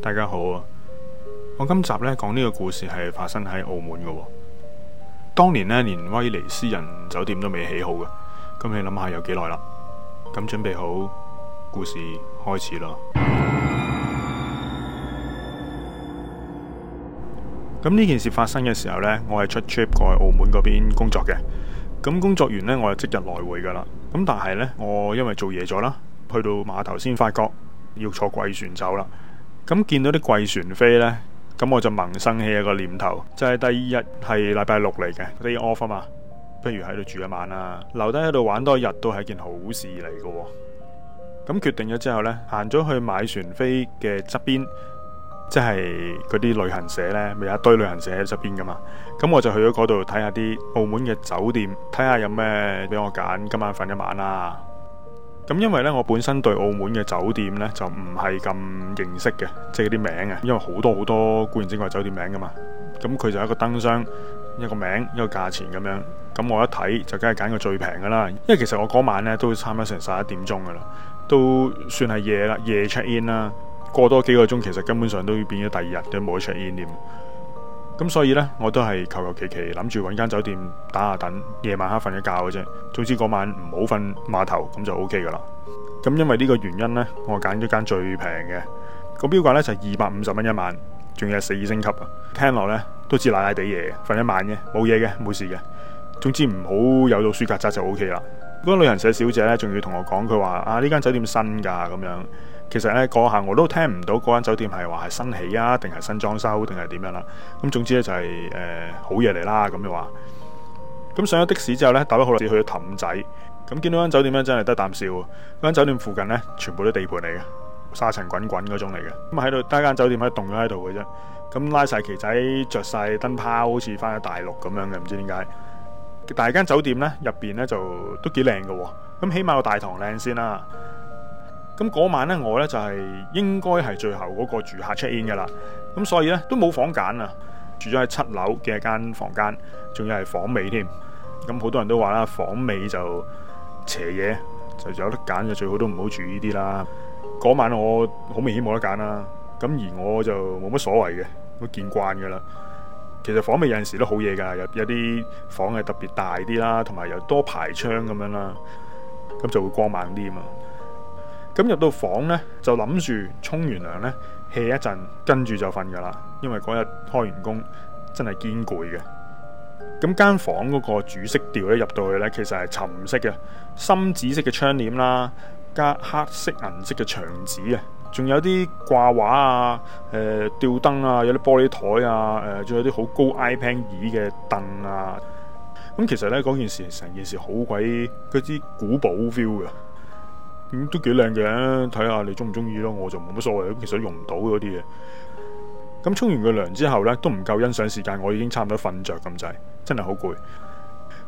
大家好啊！我今集呢講呢個故事係發生喺澳門嘅喎。當年呢，連威尼斯人酒店都未起好嘅，咁你諗下有幾耐啦？咁準備好，故事開始啦。咁呢件事發生嘅時候呢，我係出 trip 過去澳門嗰邊工作嘅。咁工作完呢，我就即日來回噶啦。咁但係呢，我因為做嘢咗啦，去到碼頭先發覺要坐貴船走啦。咁見到啲貴船飛呢，咁我就萌生起一個念頭，就係、是、第二日係禮拜六嚟嘅，day off 啊嘛，不如喺度住一晚啦、啊，留低喺度玩多一日都係件好事嚟嘅、啊。咁決定咗之後呢，行咗去買船飛嘅側邊。即係嗰啲旅行社呢，咪有一堆旅行社喺側邊噶嘛？咁我就去咗嗰度睇下啲澳門嘅酒店，睇下有咩俾我揀，今晚瞓一晚啦。咁因為呢，我本身對澳門嘅酒店呢就唔係咁認識嘅，即係啲名啊，因為好多好多固然之外酒店名噶嘛。咁佢就一個燈箱，一個名，一個價錢咁樣。咁我一睇就梗係揀個最平噶啦，因為其實我嗰晚呢都差唔多成十一點鐘噶啦，都算係夜啦，夜出 h e 啦。過多幾個鐘，其實根本上都要變咗第二日嘅，冇一出意念。咁所以呢，我都係求求其其諗住揾間酒店打下盹，夜晚黑瞓一覺嘅啫。總之嗰晚唔好瞓碼頭，咁就 O K 噶啦。咁因為呢個原因呢，我揀咗間最平嘅，個標價呢就二百五十蚊一晚，仲要係四星級啊。聽落呢，都知奶奶地嘢，瞓一晚嘅冇嘢嘅冇事嘅。總之唔好有到鼠曱甴就 O K 啦。嗰、嗰個旅行社小姐呢，仲要同我講佢話，啊呢間酒店新㗎咁樣。其實咧，嗰下我都聽唔到嗰間酒店係話係新起啊，定係新裝修，定係點樣啦？咁總之咧就係誒好嘢嚟啦，咁就話。咁上咗的士之後咧，打咗好耐至去到氹仔，咁見到間酒店咧，真係得啖笑。嗰間酒店附近咧全部都地盤嚟嘅，沙塵滾滾嗰種嚟嘅。咁喺度得間酒店喺棟咗喺度嘅啫。咁拉晒旗仔，着晒燈泡，好似翻咗大陸咁樣嘅，唔知點解。但係間酒店咧入邊咧就都幾靚嘅喎。咁起碼個大堂靚先啦。咁嗰晚咧，我咧就係應該係最後嗰個住客 check in 㗎啦。咁所以咧都冇房揀啊，住咗喺七樓嘅間房間，仲要係房尾添。咁好多人都話啦，房尾就邪嘢，就有得揀就最好都唔好住呢啲啦。嗰晚我好明顯冇得揀啦。咁而我就冇乜所謂嘅，都見慣㗎啦。其實房尾有陣時都好嘢㗎，有有啲房係特別大啲啦，同埋又多排窗咁樣啦，咁就會光猛啲啊嘛。咁入到房呢，就諗住沖完涼呢，歇一陣，跟住就瞓噶啦因為嗰日開完工真係堅攰嘅。咁間房嗰個主色調咧，入到去呢，其實係沉色嘅，深紫色嘅窗簾啦，加黑色銀色嘅牆紙啊，仲有啲掛畫啊，誒、吊燈啊，有啲玻璃台啊，誒、仲有啲好高 iPad 椅嘅凳啊。咁其實呢，嗰件事成件事好鬼嗰啲古堡 feel 㗎。咁都幾靚嘅，睇下你中唔中意咯，我就冇乜所謂。其實用唔到嗰啲嘢。咁沖完個涼之後呢，都唔夠欣賞時間，我已經差唔多瞓着咁滯，真係好攰。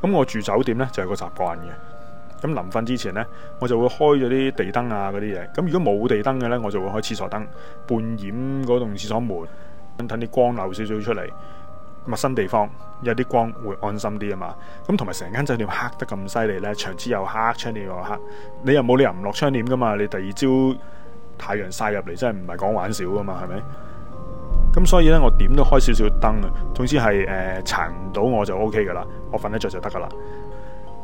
咁我住酒店呢，就有個習慣嘅，咁臨瞓之前呢，我就會開咗啲地燈啊嗰啲嘢。咁如果冇地燈嘅呢，我就會開廁所燈，半掩嗰棟廁所門，等啲光漏少少出嚟。陌生地方有啲光會安心啲啊嘛，咁同埋成間酒店黑得咁犀利咧，牆紙又黑窗簾又黑，你又冇理由唔落窗簾噶嘛，你第二朝太陽晒入嚟真係唔係講玩笑噶嘛，係咪？咁所以咧，我點都開少少燈啊，總之係誒，撐唔到我就 O K 噶啦，我瞓得着就得噶啦。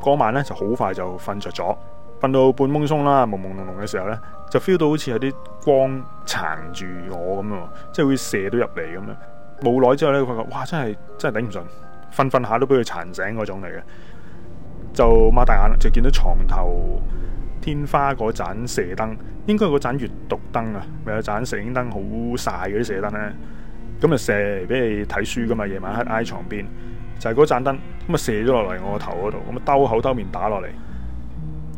嗰晚咧就好快就瞓着咗，瞓到半懵鬆啦，朦朦朧朧嘅時候咧，就 feel 到好似有啲光撐住我咁樣，即係會射到入嚟咁樣。冇耐之後咧，佢話：哇！真係真係頂唔順，瞓瞓下都俾佢殘醒嗰種嚟嘅，就擘大眼，就見到床頭天花嗰盞射燈，應該係嗰盞閱讀燈啊，咪有盞射燈好晒嗰啲射燈咧，咁啊射俾你睇書㗎嘛。夜晚黑挨床邊，就係嗰盞燈，咁啊射咗落嚟我個頭嗰度，咁啊兜口兜面打落嚟。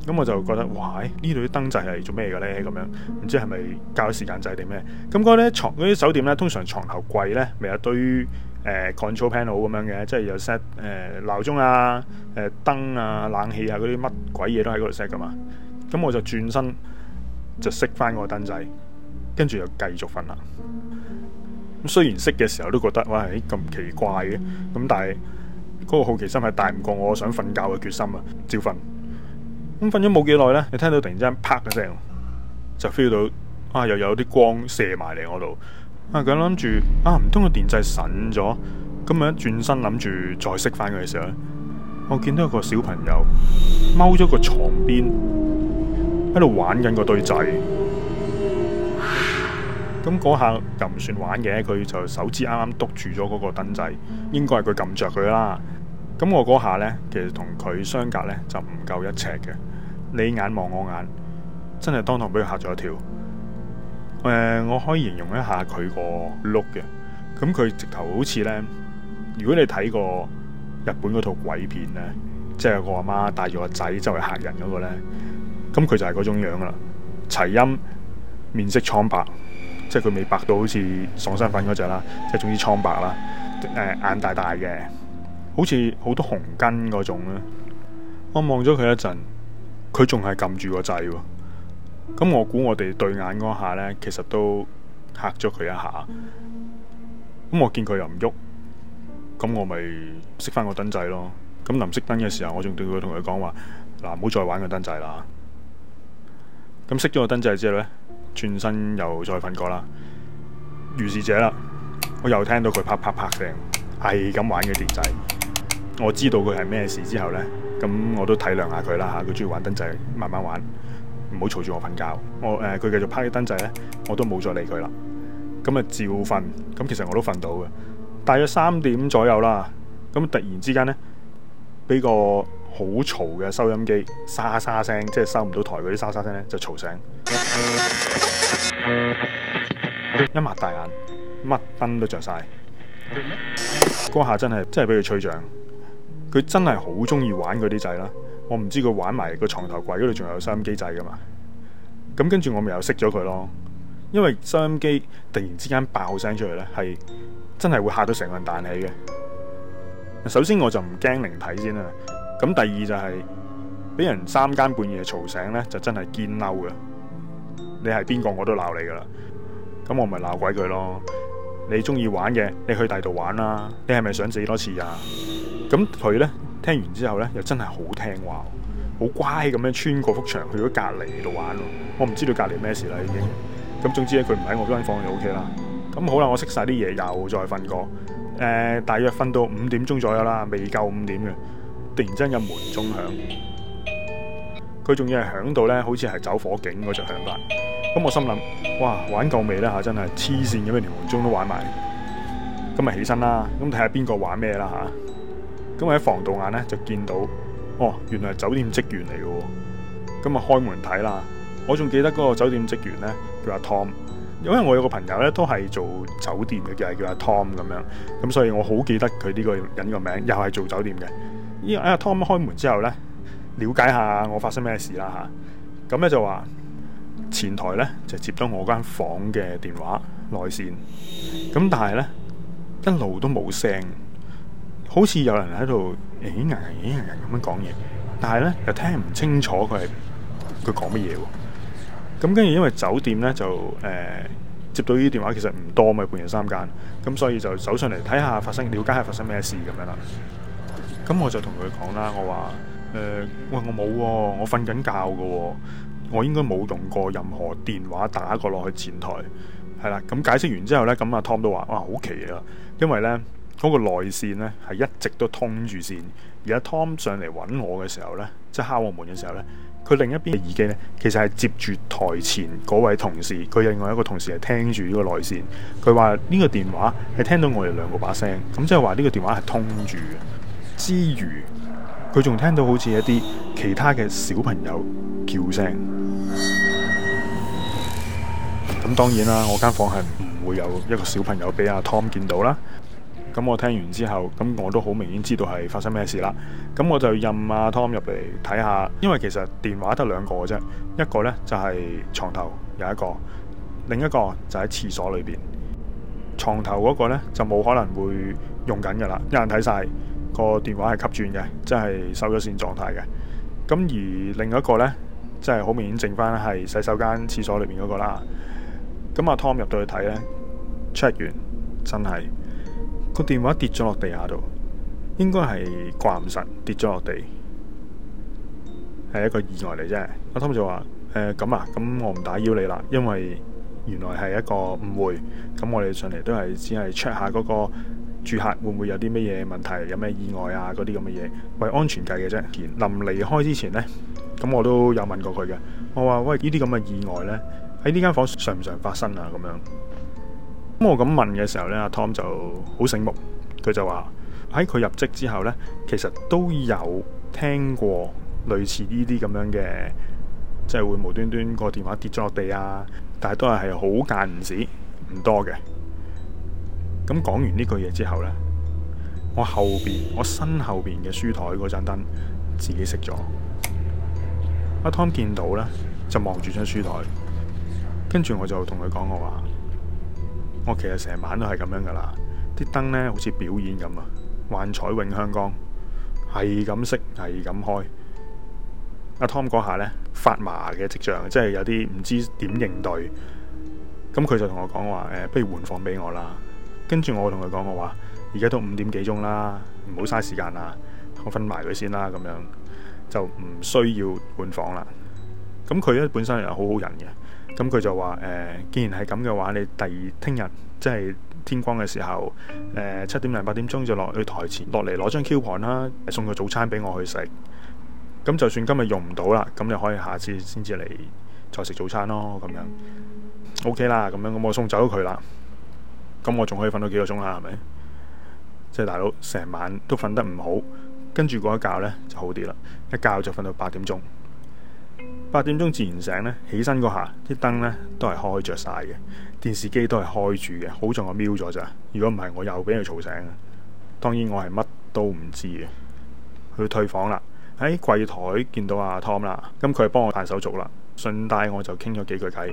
咁我就覺得，哇！燈呢度啲燈掣係做咩嘅咧？咁樣唔知係咪校時間掣定咩？咁嗰啲床啲酒店咧，通常床頭櫃咧，咪有堆誒 control panel 咁樣嘅，即係有 set 誒鬧鐘啊、誒、呃、燈啊、冷氣啊嗰啲乜鬼嘢都喺嗰度 set 噶嘛。咁我就轉身就熄翻個燈掣，跟住又繼續瞓啦。咁雖然熄嘅時候都覺得，哇！咁奇怪嘅，咁但係嗰個好奇心係大唔過我想瞓覺嘅決心啊，照瞓。咁瞓咗冇幾耐咧，你聽到突然之間啪嘅聲，就 feel 到啊又有啲光射埋嚟我度。啊咁諗住啊唔通個電掣損咗？咁我一轉身諗住再熄翻佢嘅時候，我見到一個小朋友踎咗個床邊喺度玩緊個堆仔。咁嗰下又唔算玩嘅，佢就手指啱啱篤住咗嗰個燈仔，應該係佢撳着佢啦。咁我嗰下咧，其實同佢相隔咧就唔夠一尺嘅。你眼望我眼，真係當堂俾佢嚇咗一跳。誒、呃，我可以形容一下佢個碌嘅咁，佢直頭好似咧。如果你睇過日本嗰套鬼片咧，即係我阿媽帶住個仔周圍嚇人嗰個咧，咁佢就係嗰種樣啦。齊音面色蒼白，即係佢未白到好似爽身粉嗰隻啦，即係總之蒼白啦。誒、呃，眼大大嘅，好似好多紅筋嗰種啦。我望咗佢一陣。佢仲係撳住個掣，咁我估我哋對眼嗰下呢，其實都吓咗佢一下。咁我見佢又唔喐，咁我咪熄翻個燈掣咯。咁臨熄燈嘅時候，我仲對佢同佢講話：嗱、啊，唔好再玩個燈掣啦。咁熄咗個燈掣之後呢，轉身又再瞓過啦。如是者啦，我又聽到佢啪啪啪啪聲，係咁玩嘅電掣。我知道佢係咩事之後咧，咁我都體諒下佢啦嚇，佢中意玩燈仔，慢慢玩，唔好嘈住我瞓覺。我誒佢、呃、繼續拍啲燈仔咧，我都冇再理佢啦。咁啊照瞓，咁其實我都瞓到嘅。大約三點左右啦，咁突然之間咧，俾個好嘈嘅收音機沙沙聲，即係收唔到台嗰啲沙沙聲咧，就嘈醒。 一擘大眼，乜燈都着晒。嗰 下真係真係俾佢吹脹。佢真係好中意玩嗰啲掣啦，我唔知佢玩埋個床頭櫃嗰度仲有收音機掣噶嘛，咁跟住我咪又熄咗佢咯，因為收音機突然之間爆聲出嚟咧，係真係會嚇到成個人彈起嘅。首先我就唔驚靈體先啦，咁第二就係俾人三更半夜嘈醒咧，就真係堅嬲嘅。你係邊個我都鬧你噶啦，咁我咪鬧鬼佢咯。你中意玩嘅，你去第二度玩啦。你係咪想死多次啊？咁佢咧，聽完之後咧，又真係好聽話，好乖咁樣穿過幅牆去咗隔籬度玩。我唔知道隔籬咩事啦，已經。咁總之咧、OK，佢唔喺我間房就 O K 啦。咁好啦，我熄晒啲嘢，又再瞓過。誒、呃，大約瞓到五點鐘左右啦，未夠五點嘅。突然間有門鐘響，佢仲要係響到咧，好似係走火警嗰種響法。咁我心諗，哇，玩夠未咧吓？真係黐線咁樣連門鐘都玩埋。咁咪起身啦，咁睇下邊個玩咩啦吓。咁喺防盜眼咧就見到，哦，原來係酒店職員嚟嘅。咁，啊，開門睇啦，我仲記得嗰個酒店職員咧，叫阿 Tom，因為我有個朋友咧都係做酒店嘅，又係叫阿 Tom 咁樣。咁所以我好記得佢呢個人個名，又係做酒店嘅。呢個阿 Tom 開門之後咧，了解下我發生咩事啦吓，咁、啊、咧就話前台咧就接到我間房嘅電話內線，咁但係咧一路都冇聲。好似有人喺度，咦？硬硬硬硬咁樣講嘢，但係咧又聽唔清楚佢係佢講乜嘢喎。咁跟住因為酒店咧就誒、呃、接到呢啲電話其實唔多咪半夜三更，咁所以就走上嚟睇下發生，了解下發生咩事咁樣啦。咁我就同佢講啦，我話誒喂，我冇喎、啊，我瞓緊覺嘅喎、啊，我應該冇用過任何電話打過落去前台係啦。咁解釋完之後咧，咁阿 Tom 都話哇好奇啊，因為咧。嗰個內線咧係一直都通住線，而阿 Tom 上嚟揾我嘅時候咧，即係敲我門嘅時候咧，佢另一邊嘅耳機咧其實係接住台前嗰位同事，佢另外一個同事係聽住呢個內線。佢話呢個電話係聽到我哋兩個把聲，咁即係話呢個電話係通住嘅，之餘佢仲聽到好似一啲其他嘅小朋友叫聲。咁當然啦，我間房係唔會有一個小朋友俾阿 Tom 見到啦。咁我聽完之後，咁我都好明顯知道係發生咩事啦。咁我就任阿 Tom 入嚟睇下，因為其實電話得兩個嘅啫，一個呢就係床頭有一個，另一個就喺廁所裏邊。床頭嗰個呢就冇可能會用緊噶啦，一眼睇晒個電話係吸轉嘅，即係收咗線狀態嘅。咁而另一個呢，即係好明顯剩翻係洗手間廁所裏面嗰個啦。咁阿 Tom 入到去睇呢，check 完真係。部電話跌咗落地下度，應該係掛唔實跌咗落地，係一個意外嚟啫。我同事話：，誒、呃，咁啊，咁我唔打擾你啦，因為原來係一個誤會。咁我哋上嚟都係只係 check 下嗰個住客會唔會有啲咩嘢問題，有咩意外啊，嗰啲咁嘅嘢，為安全計嘅啫。臨離開之前呢，咁我都有問過佢嘅，我話：，喂，呢啲咁嘅意外呢，喺呢間房常唔常發生啊？咁樣。咁我咁問嘅時候呢，阿 Tom 就好醒目，佢就話喺佢入職之後呢，其實都有聽過類似呢啲咁樣嘅，即係會無端端個電話跌咗落地啊，但係都係係好間唔時，唔多嘅。咁講完呢句嘢之後呢，我後邊我身後邊嘅書台嗰盞燈自己熄咗，阿 Tom 見到呢，就望住張書台，跟住我就同佢講我話。我其實成晚都係咁樣噶啦，啲燈呢，好似表演咁啊，幻彩詠香江係咁熄，係咁開。阿 Tom 嗰下呢，發麻嘅跡象，即係有啲唔知點應對。咁佢就同我講話誒，不如換房俾我啦。我跟住我同佢講我話，而家都五點幾鐘啦，唔好嘥時間啦，我瞓埋佢先啦，咁樣就唔需要換房啦。咁佢咧本身又好好人嘅。咁佢就話：誒、呃，既然係咁嘅話，你第二聽日即係天光嘅時候，誒、呃、七點零八點鐘就落去台前落嚟攞張 coupon 啦，送個早餐俾我去食。咁就算今日用唔到啦，咁你可以下次先至嚟再食早餐咯，咁樣 OK 啦。咁樣咁我送走佢啦，咁我仲可以瞓到幾個鐘啊？係咪？即係大佬，成晚都瞓得唔好，跟住嗰一覺呢就好啲啦，一覺就瞓到八點鐘。八點鐘自然醒咧，起身嗰下啲燈呢都係開着晒嘅，電視機都係開住嘅。好在我瞄咗咋，如果唔係我又俾佢嘈醒。當然我係乜都唔知嘅去退房啦。喺櫃台見到阿 Tom 啦，咁佢係幫我辦手續啦，順帶我就傾咗幾句偈。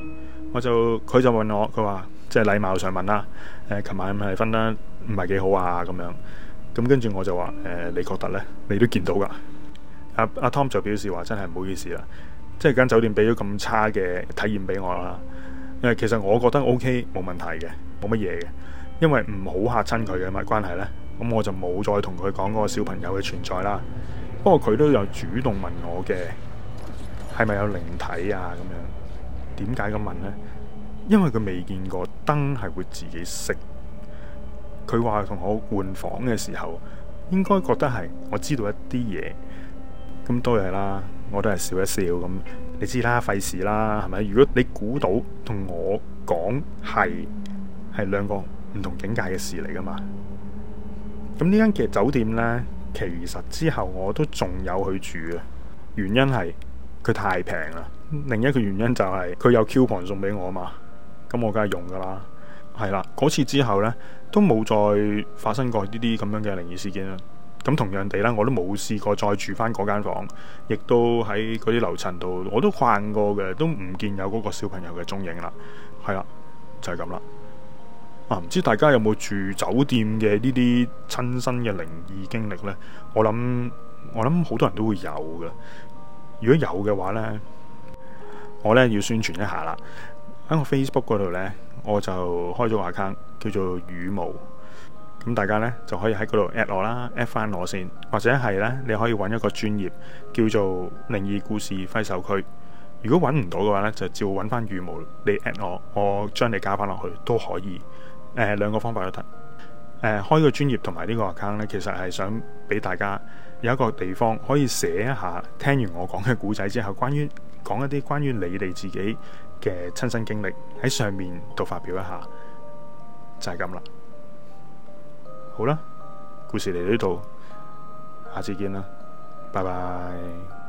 我就佢就問我，佢話即係禮貌上問啦，誒、呃，琴晚係咪瞓得唔係幾好啊？咁樣咁跟住我就話誒、呃，你覺得呢？你都見到噶阿阿 Tom 就表示話真係唔好意思啦。即係間酒店俾咗咁差嘅體驗俾我啦，誒其實我覺得 OK 冇問題嘅，冇乜嘢嘅，因為唔好嚇親佢嘅咁嘅關係咧，咁我就冇再同佢講嗰個小朋友嘅存在啦。不過佢都有主動問我嘅，係咪有靈體啊咁樣？點解咁問呢？因為佢未見過燈係會自己熄。佢話同我換房嘅時候，應該覺得係我知道一啲嘢，咁都係啦。我都係笑一笑咁，你知啦，費事啦，係咪？如果你估到同我講，係係兩個唔同境界嘅事嚟噶嘛。咁呢間嘅酒店呢，其實之後我都仲有去住啊。原因係佢太平啦，另一個原因就係佢有 coupon 送俾我啊嘛。咁我梗係用噶啦，係啦。嗰次之後呢，都冇再發生過呢啲咁樣嘅靈異事件啦。咁同樣地啦，我都冇試過再住翻嗰間房，亦都喺嗰啲樓層度，我都逛過嘅，都唔見有嗰個小朋友嘅蹤影啦。係啦，就係咁啦。啊，唔知大家有冇住酒店嘅呢啲親身嘅靈異經歷呢？我諗我諗好多人都會有嘅。如果有嘅話呢，我呢，要宣傳一下啦。喺我 Facebook 嗰度呢，我就開咗個 account 叫做雨巫。咁大家呢，就可以喺嗰度 at 我啦，at 翻我先，或者係呢，你可以揾一個專業叫做靈異故事揮手區。如果揾唔到嘅話呢，就照揾翻雨巫，你 at 我，我將你加翻落去都可以。誒、呃，兩個方法都得。誒、呃，開個專業同埋呢個 account 呢，其實係想俾大家有一個地方可以寫一下，聽完我講嘅故仔之後，關於講一啲關於你哋自己嘅親身經歷喺上面度發表一下，就係、是、咁啦。好啦，故事嚟到呢度，下次見啦，拜拜。